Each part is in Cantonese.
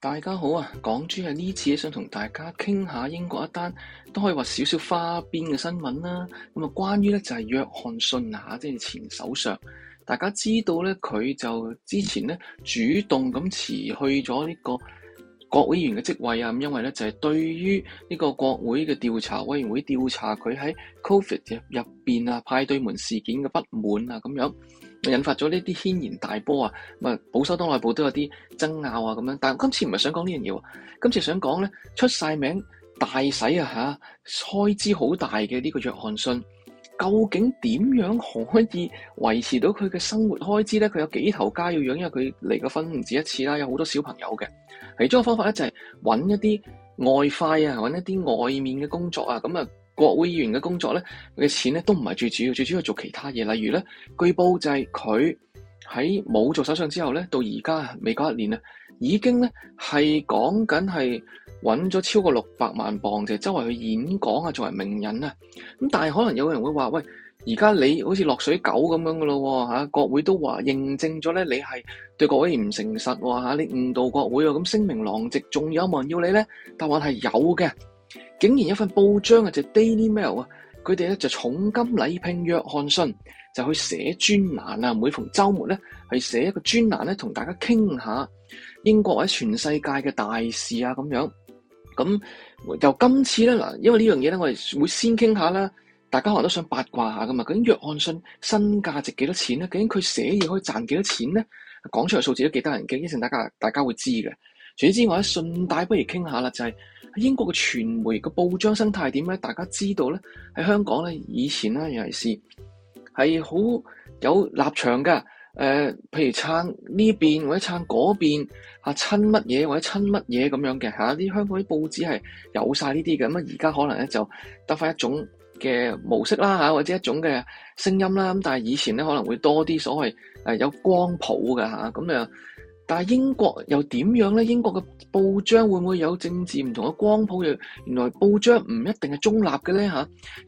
大家好啊！港珠係呢次想同大家傾下英國一單，都可以話少少花邊嘅新聞啦。咁啊，關於咧就係約翰遜啊，即係前首相。大家知道咧，佢就之前咧主動咁辭去咗呢個國會議員嘅職位啊。咁因為咧就係對於呢個國會嘅調查委員會調查佢喺 Covid 入入邊啊派對門事件嘅不滿啊咁樣。引發咗呢啲軒然大波啊！咁啊，保守黨內部都有啲爭拗啊，咁樣。但係今次唔係想講呢樣嘢，今次想講咧，出晒名大使啊嚇，開支好大嘅呢個約翰遜，究竟點樣可以維持到佢嘅生活開支咧？佢有幾頭家要養，因為佢離過婚唔止一次啦，有好多小朋友嘅。其中個方法咧就係揾一啲外快啊，揾一啲外面嘅工作啊，咁啊。國會議員嘅工作咧，佢嘅錢咧都唔係最主要，最主要係做其他嘢。例如咧，據報就係佢喺冇做首相之後咧，到而家未夠一年啦，已經咧係講緊係揾咗超過六百萬鎊，就周圍去演講啊，作為名人啊。咁但係可能有個人會話，喂，而家你好似落水狗咁樣噶咯喎嚇！國會都話認證咗咧，你係對國會唔誠實喎嚇，你誤導國會啊咁，聲名狼藉，仲有冇人要你咧？答案話係有嘅。竟然有一份報章啊，就係 Daily Mail 啊，佢哋咧就重金禮聘約翰遜，就去寫專欄啊，每逢周末咧，係寫一個專欄咧，同大家傾下英國或者全世界嘅大事啊，咁樣咁。由今次咧嗱，因為這件事呢樣嘢咧，我哋會先傾下啦。大家可能都想八卦下噶嘛。究竟約翰遜身價值幾多錢咧？究竟佢寫嘢可以賺幾多錢咧？講出嚟數字都幾得人驚，一陣大家大家會知嘅。除此之外，順帶不如傾下啦，就係、是、英國嘅傳媒嘅報章生態點咧？大家知道咧，喺香港咧以前咧，尤其是係好有立場㗎。誒、呃，譬如撐呢邊或者撐嗰邊，親乜嘢或者親乜嘢咁樣嘅吓，啲香港啲報紙係有晒呢啲嘅。咁而家可能咧就得返一種嘅模式啦、啊、或者一種嘅聲音啦。咁、啊、但係以前咧可能會多啲所謂、啊、有光譜嘅咁啊。但係英國又點樣咧？英國嘅報章會唔會有政治唔同嘅光譜嘅？原來報章唔一定係中立嘅咧吓，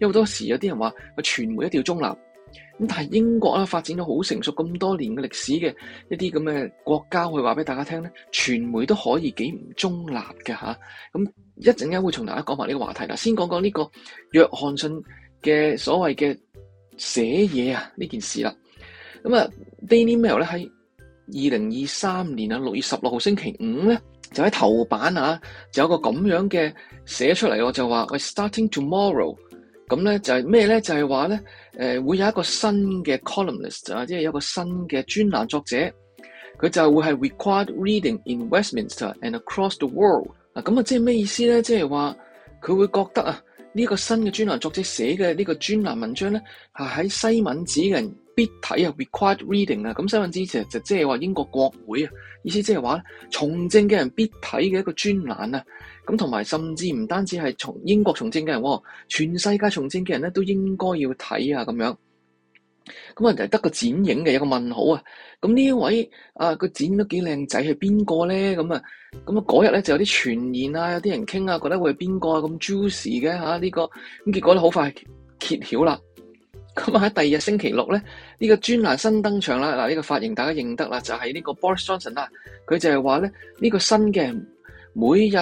因為有好多時有啲人話個傳媒一定要中立。咁但係英國咧發展咗好成熟咁多年嘅歷史嘅一啲咁嘅國家，我話俾大家聽咧，傳媒都可以幾唔中立嘅嚇。咁一陣間會同大家講埋呢個話題啦。先講講呢個約翰遜嘅所謂嘅寫嘢啊呢件事啦。咁啊 Daily Mail 咧喺。二零二三年啊六月十六號星期五咧，就喺頭版啊，就有個咁樣嘅寫出嚟，我就話喂，starting tomorrow，咁咧就係咩咧？就係話咧，誒會有一個新嘅 columnist 啊，即係有個新嘅專欄作者，佢就係會係 required reading in Westminster and across the world 啊。啊，咁啊，即係咩意思咧？即係話佢會覺得啊，呢個新嘅專欄作者寫嘅呢個專欄文章咧，係喺西敏寺嘅。必睇啊，required reading 啊，咁所以之前就即係話英國國會啊，意思即係話從政嘅人必睇嘅一個專欄啊，咁同埋甚至唔單止係從英國從政嘅人，全世界從政嘅人咧都應該要睇啊，咁樣，咁啊就係得個剪影嘅一個問號啊，咁呢一位啊個剪都幾靚仔，係邊個咧？咁啊，咁啊嗰日咧就有啲傳言啊，有啲人傾啊，覺得會係邊個咁 juicy 嘅吓呢個，咁結果咧好快揭曉啦。咁啊喺第二日星期六咧，呢、這個專欄新登場啦！嗱，呢個髮型大家認得啦，就係、是啊、呢個 Boris Johnson 啦。佢就係話咧，呢個新嘅每日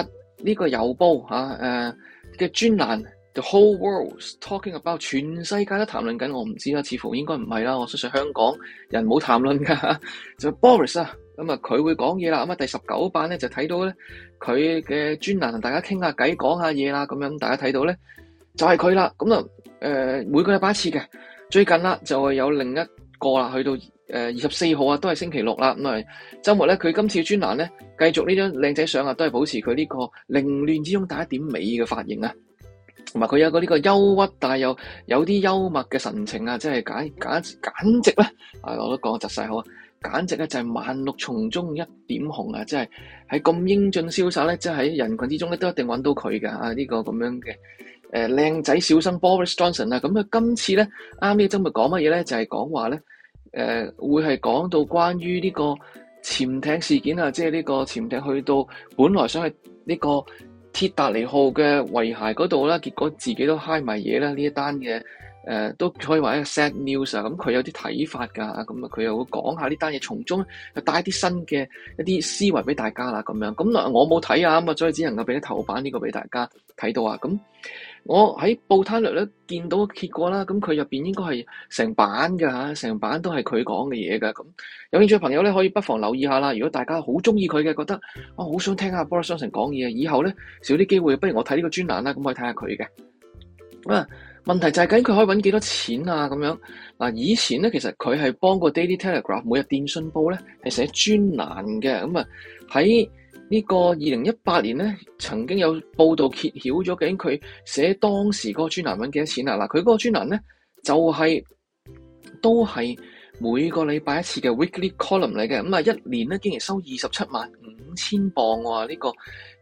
呢個郵報嚇誒嘅專欄 The Whole World Talking About 全世界都談論緊，我唔知啦，似乎應該唔係啦。我相信香港人冇談論噶。就 Boris 啊，咁啊佢會講嘢啦。咁啊第十九版咧就睇到咧，佢嘅專欄同大家傾下偈，講下嘢啦。咁樣大家睇到咧。就係佢啦，咁啊，誒、呃，每個禮拜一次嘅，最近啦就有另一個啦，去到誒二十四號啊，都係星期六啦，咁啊周末咧，佢今次專欄咧，繼續呢張靚仔相啊，都係保持佢呢個凌亂之中帶一點美嘅髮型啊，同埋佢有,有一個呢個憂鬱但又有啲幽默嘅神情啊，真係簡簡簡直咧，啊，我都講個窒晒口啊，簡直咧就係萬綠叢中一點紅啊，即係喺咁英俊瀟灑咧，即係喺人群之中咧都一定揾到佢噶啊呢、這個咁樣嘅。誒靚仔小生 Boris Johnson 啊，咁啊今次咧啱啱真係講乜嘢咧？就係講話咧，誒、呃、會係講到關於呢個潛艇事件啊，即係呢個潛艇去到本來想去呢個鐵達尼號嘅遺骸嗰度啦，結果自己都嗨埋嘢啦呢一單嘅。誒、呃、都可以話一個 sad news 啊，咁佢有啲睇法㗎，咁啊佢又會講下呢單嘢，從中又帶啲新嘅一啲思維俾大家啦，咁樣咁啊我冇睇啊，咁啊所以只能夠俾啲頭版呢個俾大家睇到啊，咁我喺報攤度咧見到結果啦，咁佢入邊應該係成版嘅嚇、啊，成版都係佢講嘅嘢嘅，咁有興趣嘅朋友咧可以不妨留意一下啦。如果大家好中意佢嘅，覺得我好、哦、想聽下 Boris Johnson 講嘢，以後咧少啲機會，不如我睇呢個專欄啦，咁可以睇下佢嘅啊。問題就係究竟佢可以揾幾多錢啊？咁樣嗱，以前咧其實佢係幫過 Daily Telegraph 每日電訊報咧係寫專欄嘅，咁啊喺呢個二零一八年咧曾經有報導揭曉咗，究竟佢寫當時的專、啊、那那個專欄揾幾多錢啊？嗱、就是，佢嗰個專欄咧就係都係每個禮拜一次嘅 Weekly Column 嚟嘅，咁啊一年咧竟然收二十七萬五千鎊喎，呢、這個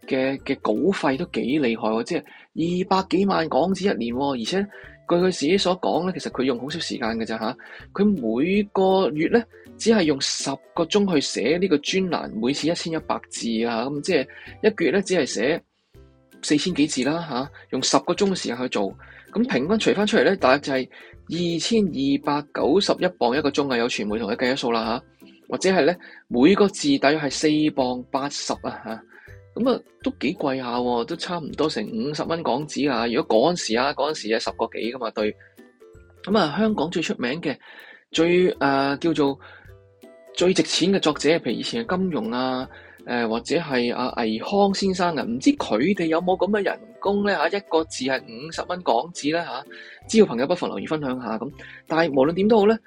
嘅嘅稿費都幾厲害喎，即係。二百幾萬港紙一年，而且據佢自己所講咧，其實佢用好少時間嘅咋吓？佢每個月咧只係用十個鐘去寫呢個專欄，每次一千一百字啊，咁即係一個月咧只係寫四千幾字啦吓、啊？用十個鐘嘅時，時間去做，咁平均除翻出嚟咧，大約就係二千二百九十一磅一個鐘啊，有傳媒同佢計咗數啦吓？或者係咧每個字大約係四磅八十啊嚇。咁啊，都幾貴下喎，都差唔多成五十蚊港紙啊！如果嗰陣時啊，嗰陣時啊十個幾㗎嘛對。咁啊，香港最出名嘅最啊、呃、叫做最值錢嘅作者，譬如以前嘅金庸啊，誒、呃、或者係阿倪匡先生啊，唔知佢哋有冇咁嘅人工咧嚇，一個字係五十蚊港紙咧嚇。知道朋友不妨留意分享下咁，但係無論點都好咧。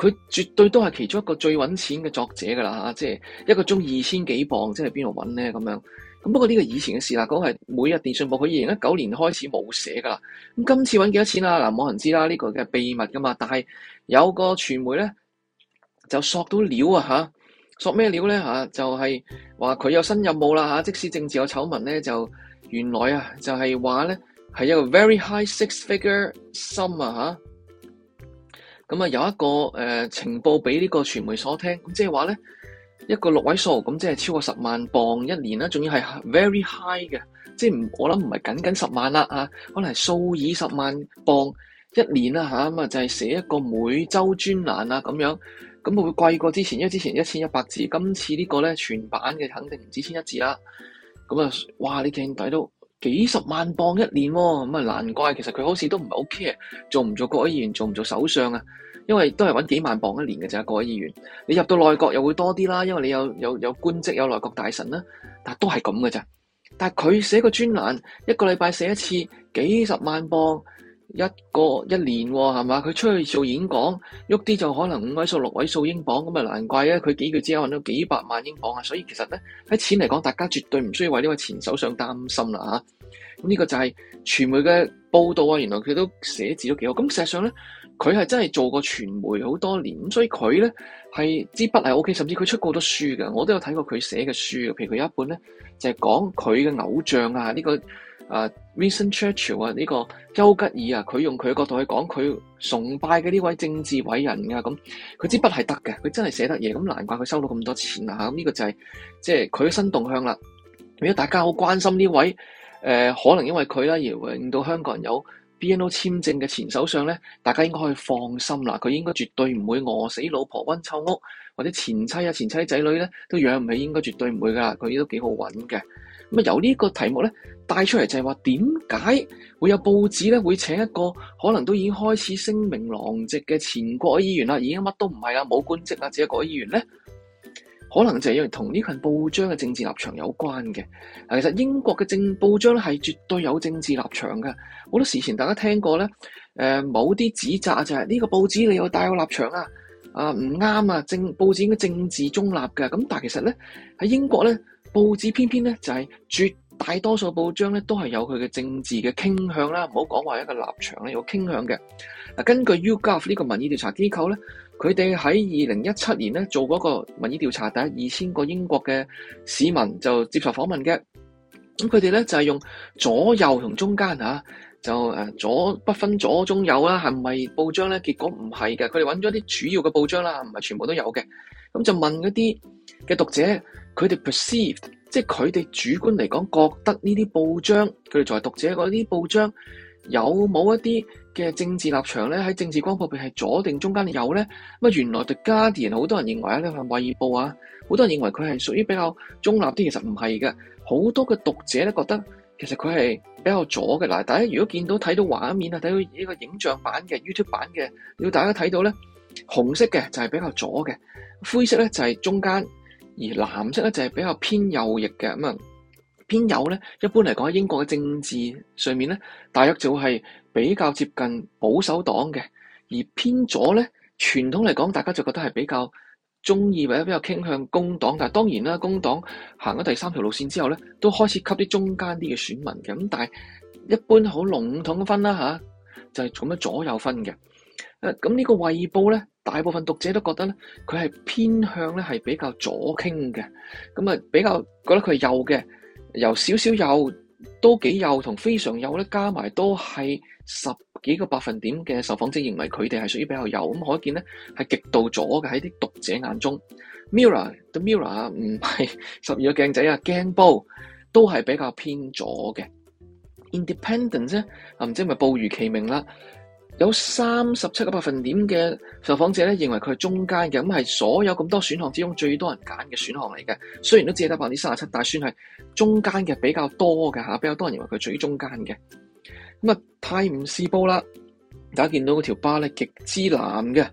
佢絕對都係其中一個最揾錢嘅作者㗎啦，即係一個鐘二千幾磅，即係邊度揾咧咁樣？咁不過呢個以前嘅事啦，嗰、嗰個係每日電訊報，佢二零一九年開始冇寫㗎啦。咁今次揾幾多錢啊？嗱，冇人知啦，呢、呢個嘅秘密㗎嘛。但係有個傳媒咧就索到料啊吓，索咩料咧、啊、就係話佢有新任務啦、啊、即使政治有醜聞咧，就原來啊就係話咧係一個 very high six figure sum 啊吓咁啊、嗯，有一個、呃、情報俾呢個傳媒所聽，咁即係話咧一個六位數，咁、嗯、即係超過十萬磅一年啦，仲要係 very high 嘅，即係唔我諗唔係僅僅十萬啦、啊、可能係數以十萬磅一年啦吓，咁啊就係、是、寫一個每週專欄啊咁樣，咁會唔會貴過之前？因為之前一千一百字，今次個呢個咧全版嘅肯定唔止千一字啦，咁啊，哇！你鏡底都～幾十萬磅一年，咁啊難怪其實佢好似都唔係 ok a，做唔做國會議員，做唔做首相啊？因為都係搵幾萬磅一年嘅咋。國會議員你入到內閣又會多啲啦，因為你有有有官職，有內閣大臣啦，但都係咁嘅咋。但係佢寫個專欄，一個禮拜寫一次，幾十萬磅。一個一年喎，係嘛？佢出去做演講，喐啲就可能五位數、六位數英鎊，咁啊難怪啊！佢幾個月之後搵到幾百萬英鎊啊！所以其實咧，喺錢嚟講，大家絕對唔需要為呢位前首相擔心啦嚇。咁呢個就係傳媒嘅報道啊，原來佢都寫字都幾好。咁實際上咧，佢係真係做過傳媒好多年，咁所以佢咧係支筆係 O K，甚至佢出過好多書嘅，我都有睇過佢寫嘅書，譬如佢有一本咧就係、係、講佢嘅偶像啊呢、呢個啊、uh, Recent Churchill 啊，呢個丘吉爾啊，佢用佢嘅角度去講，佢崇拜嘅呢位政治偉人啊。咁，佢支筆係得嘅，佢真係寫得嘢，咁難怪佢收到咁多錢啊！咁呢個就係即係佢嘅新動向啦。如果大家好關心呢位，誒、呃、可能因為佢啦，而令到香港人有 BNO 簽證嘅前首相咧，大家應該可以放心啦。佢應該絕對唔會餓死老婆溫臭屋，或者前妻啊前妻仔女咧都養唔起，應該絕對唔會噶啦。佢都幾好揾嘅。咁由呢個題目咧帶出嚟，就係話點解會有報紙咧會請一個可能都已經開始聲名狼藉嘅前國會議員啦，而家乜都唔係啦，冇官職啦，只係國會議員咧，可能就係因為同呢份報章嘅政治立場有關嘅。其實英國嘅政報章咧係絕對有政治立場嘅。好多時前大家聽過咧，某、呃、啲指責就係、是、呢、這個報紙你有帶有立場啊，啊唔啱啊，政報紙應該政治中立嘅。咁但係其實咧喺英國咧。報紙偏偏咧就係絕大多數報章咧都係有佢嘅政治嘅傾向啦，唔好講話一個立場咧有傾向嘅。嗱，根據 YouGov 呢個民意調查機構咧，佢哋喺二零一七年咧做嗰個民意調查，第一二千個英國嘅市民就接受訪問嘅。咁佢哋咧就係用左右同中間嚇，就左不分左中右啦，係咪報章咧？結果唔係嘅，佢哋揾咗啲主要嘅報章啦，唔係全部都有嘅。咁就問嗰啲嘅讀者。佢哋 perceived，即係佢哋主觀嚟講覺得呢啲報章，佢哋作為讀者呢啲報章有冇一啲嘅政治立場咧？喺政治光譜入邊係左定中間有咧？咁啊，原來對 Guardian，好多人認為咧，衛報啊，好多人認為佢係屬於比較中立啲，其實唔係嘅，好多嘅讀者咧覺得其實佢係比較左嘅。嗱，大家如果見到睇到畫面啊，睇到呢個影像版嘅 YouTube 版嘅，要大家睇到咧，紅色嘅就係比較左嘅，灰色咧就係中間。而藍色咧就係比較偏右翼嘅。咁啊，偏右咧一般嚟講喺英國嘅政治上面咧，大約就係比較接近保守黨嘅；而偏左咧，傳統嚟講大家就覺得係比較中意或者比較傾向工黨。但係當然啦，工黨行咗第三條路線之後咧，都開始吸啲中間啲嘅選民嘅。咁但係一般好籠統分啦嚇，就係咁樣左右分嘅。誒，咁呢個衛報咧，大部分讀者都覺得咧，佢係偏向咧係比較左傾嘅，咁啊比較覺得佢係右嘅，由少少右、都幾右同非常右咧加埋都係十幾個百分點嘅受訪者認為佢哋係屬於比較右，咁可見咧係極度左嘅喺啲讀者眼中。Mirror，The Mirror，唔係十二個鏡仔啊，鏡報都係比較偏左嘅。Independence 呢，唔知係咪報如其名啦。有三十七個百分點嘅受訪者咧，認為佢係中間嘅，咁係所有咁多選項之中最多人揀嘅選項嚟嘅。雖然都只得百分之三十七，但係算係中間嘅比較多嘅嚇，比較多人認為佢最中間嘅。咁啊，《泰晤士報》啦，大家見到嗰條巴咧極之藍嘅，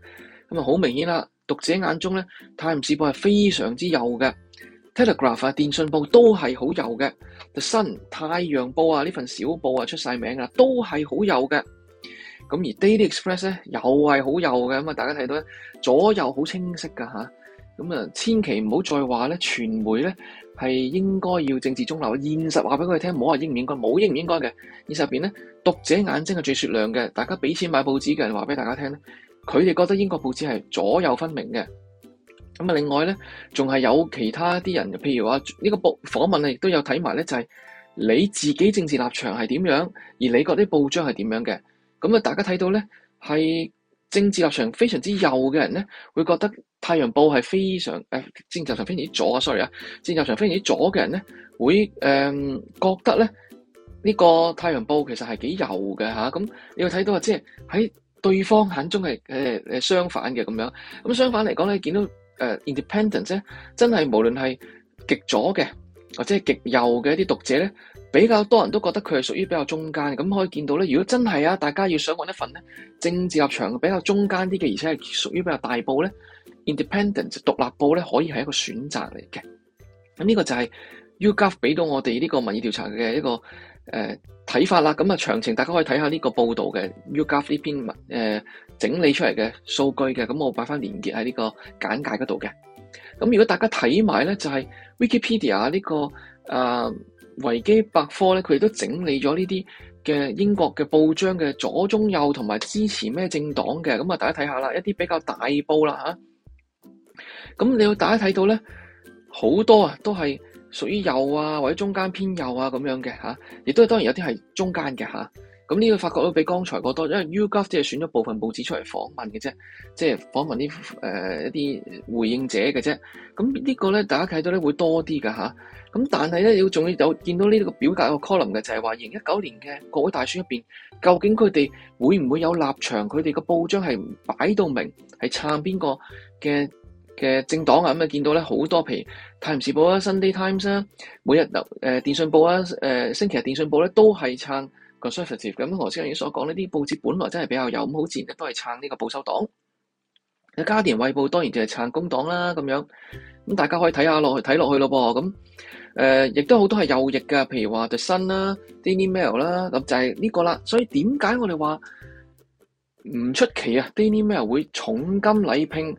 咁啊好明顯啦，讀者眼中咧，《泰晤士報》係非常之幼嘅，《Telegraph》啊，《電訊報》都係好幼嘅，《The Sun》《太陽報》啊呢份小報啊出晒名啦，都係好幼嘅。咁而 Daily Express 咧又係好右嘅咁啊！大家睇到咧，左右好清晰噶吓，咁啊千祈唔好再話咧，傳媒咧係應該要政治中立。現實話俾佢哋聽，唔好話應唔應該，冇應唔應該嘅現實入邊咧，讀者眼睛係最雪亮嘅。大家俾錢買報紙嘅人話，俾大家聽咧，佢哋覺得英國報紙係左右分明嘅。咁啊，另外咧仲係有其他啲人，譬如話呢、呢個報訪問亦都有睇埋咧，就係、是、你自己政治立場係點樣，而你覺得啲報章係點樣嘅。咁啊，大家睇到咧，係政治立場非常之右嘅人咧，會覺得《太陽報》係非常誒、呃、政治立場非常之左啊！sorry 啊，政治立場非常之左嘅人咧，會誒、呃、覺得咧呢、呢個《太陽報》其實係幾右嘅嚇。咁你會睇到啊，即係喺對方眼中係誒誒相反嘅咁樣。咁相反嚟講咧，你見到誒、呃《Independence》咧，真係無論係極左嘅或者係極右嘅一啲讀者咧。比較多人都覺得佢係屬於比較中間咁，可以見到咧。如果真係啊，大家要想搵一份咧政治立場比較中間啲嘅，而且係屬於比較大報咧，Independent 獨立報咧，可以係一個選擇嚟嘅。咁呢個就係 YouGov 俾到我哋呢個民意調查嘅一個誒睇、呃、法啦。咁啊，詳情大家可以睇下呢個報道嘅、嗯、YouGov 呢篇文、呃、整理出嚟嘅數據嘅。咁我擺翻連結喺呢個簡介嗰度嘅。咁如果大家睇埋咧，就係、是、Wikipedia 呢、這個啊。呃維基百科咧，佢亦都整理咗呢啲嘅英國嘅報章嘅左、中、右同埋支持咩政黨嘅，咁啊大家睇下啦，一啲比較大報啦吓，咁你要大家睇到咧好多啊，都係屬於右啊，或者中間偏右啊咁樣嘅吓，亦都係當然有啲係中間嘅吓。咁呢個發覺都比剛才嗰多，因為 u g o f 即係選咗部分報紙出嚟訪問嘅啫，即係訪問啲一啲、呃、回應者嘅啫。咁、這個、呢個咧，大家睇到咧會多啲㗎吓。咁、啊、但係咧，要要有見到呢個表格個 column 嘅就係話，零一九年嘅國會大選入面，究竟佢哋會唔會有立場？佢哋個報章係擺到明係撐邊個嘅嘅政黨啊？咁、嗯、啊，見到咧好多，譬如《泰晤士報》啊，《Sunday Times》啊，《每日流》誒、呃《電訊報》啊、呃，《誒星期日電信報》咧都係撐。conservative 咁，頭先所講呢啲報紙本來真係比較右，咁好自然咧都係撐呢個保守黨。家陣《衛報》當然就係撐工黨啦，咁樣。咁大家可以睇下落去，睇落去咯噃。咁誒，亦都好多係右翼嘅，譬如話《The Sun》啦，《Daily Mail》啦，咁就係呢個啦。所以點解我哋話唔出奇啊？《Daily Mail》會重金禮聘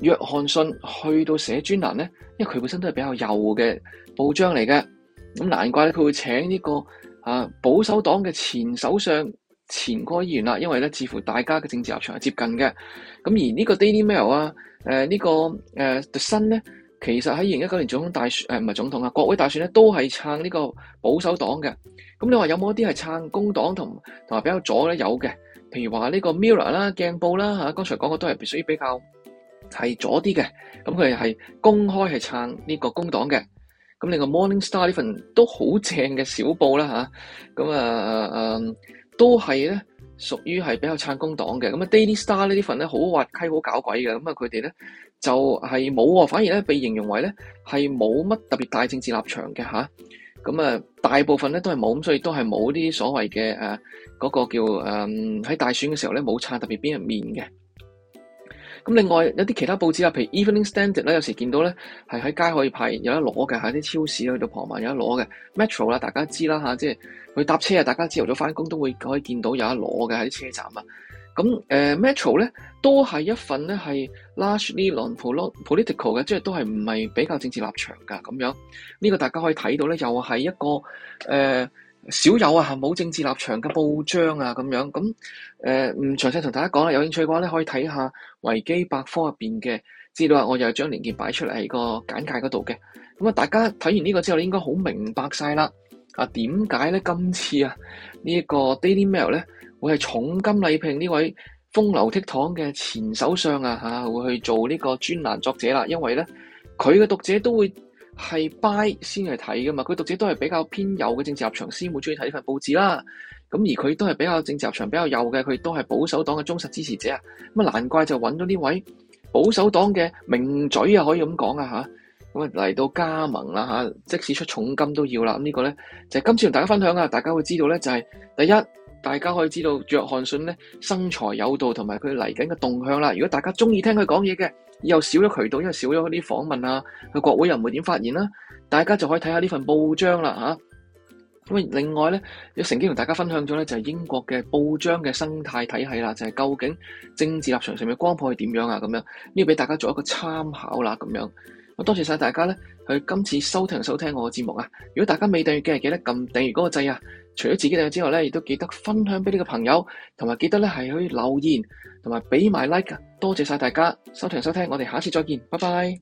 約翰遜去到寫專欄咧，因為佢本身都係比較右嘅報章嚟嘅，咁難怪咧佢會請呢個。啊，保守黨嘅前首相、前科會議員啦、啊，因為咧，似乎大家嘅政治立場係接近嘅。咁而呢個 Daily Mail 啊，誒、啊這個啊、呢個誒特森咧，其實喺二零一九年總統大誒唔係總統啊，國會大選咧都係撐呢個保守黨嘅。咁你話有冇一啲係撐工黨同同埋比較左咧？有嘅，譬如話呢個 m i r 啦、鏡報啦、啊、嚇，剛才講過都係屬於比較係左啲嘅。咁佢哋係公開係撐呢個工黨嘅。咁你個 Morning Star 呢份都好正嘅小報啦吓，咁啊啊都係咧屬於係比較撐工黨嘅，咁啊 Daily Star 呢呢份咧好滑稽好搞鬼嘅，咁啊佢哋咧就係冇喎，反而咧被形容為咧係冇乜特別大政治立場嘅吓，咁啊，啊大部分咧都係冇，所以都係冇啲所謂嘅誒嗰個叫誒喺、啊、大選嘅時候咧冇撐特別邊一面嘅。咁另外有啲其他報紙啊，譬如 Evening Standard 咧，有時見到咧，係喺街可以派，有得攞嘅；喺啲超市去到旁邊有得攞嘅。Metro 啦，大家知啦嚇，即係佢搭車啊，大家朝頭早翻工都會可以見到有得攞嘅喺啲車站啊。咁誒、呃、Metro 咧，都係一份咧係 large l i b e political 嘅，即係都係唔係比較政治立場噶咁樣。呢、呢個大家可以睇到咧，又係一個誒。呃少有啊，冇政治立場嘅報章啊，咁樣咁誒，唔、呃、詳細同大家講啦。有興趣嘅話咧，可以睇下維基百科入邊嘅資料啊，我又將連結擺出嚟喺個簡介嗰度嘅。咁啊，大家睇完呢個之後，你應該好明白晒啦。啊，點解咧今次啊呢一、這個 Daily Mail 咧會係重金禮聘呢位風流倜儻嘅前首相啊嚇、啊，會去做呢個專欄作者啦，因為咧佢嘅讀者都會，係 buy 先嚟睇噶嘛，佢讀者都係比較偏右嘅政治立場，先會中意睇呢份報紙啦。咁而佢都係比較政治立場比較右嘅，佢都係保守黨嘅忠實支持者啊。咁啊難怪就揾到呢位保守黨嘅名嘴啊，可以咁講啊吓。咁啊嚟到加盟啦吓、啊，即使出重金都要啦。咁、啊這個、呢個咧就係、今次同大家分享啊，大家會知道咧就係、係、第一，大家可以知道約翰遜咧生財有道同埋佢嚟緊嘅動向啦。如果大家中意聽佢講嘢嘅。又少咗渠道，因為少咗啲訪問啊，去國會又唔會點發言啦，大家就可以睇下呢份報章啦吓，咁另外咧，曾經同大家分享咗咧，就係英國嘅報章嘅生態體係啦，就係、是、究竟政治立場上面光譜係點樣啊咁樣，要俾大家做一個參考啦咁樣。我多謝晒大家咧，佢今次收聽收聽我嘅節目啊！如果大家未訂閱嘅，記得撳訂閱嗰個掣啊！除咗自己訂閱之外咧，亦都記得分享俾呢個朋友，同埋記得咧係去留言，同埋畀埋 like，多謝晒大家收聽收聽，我哋下次再見，拜拜。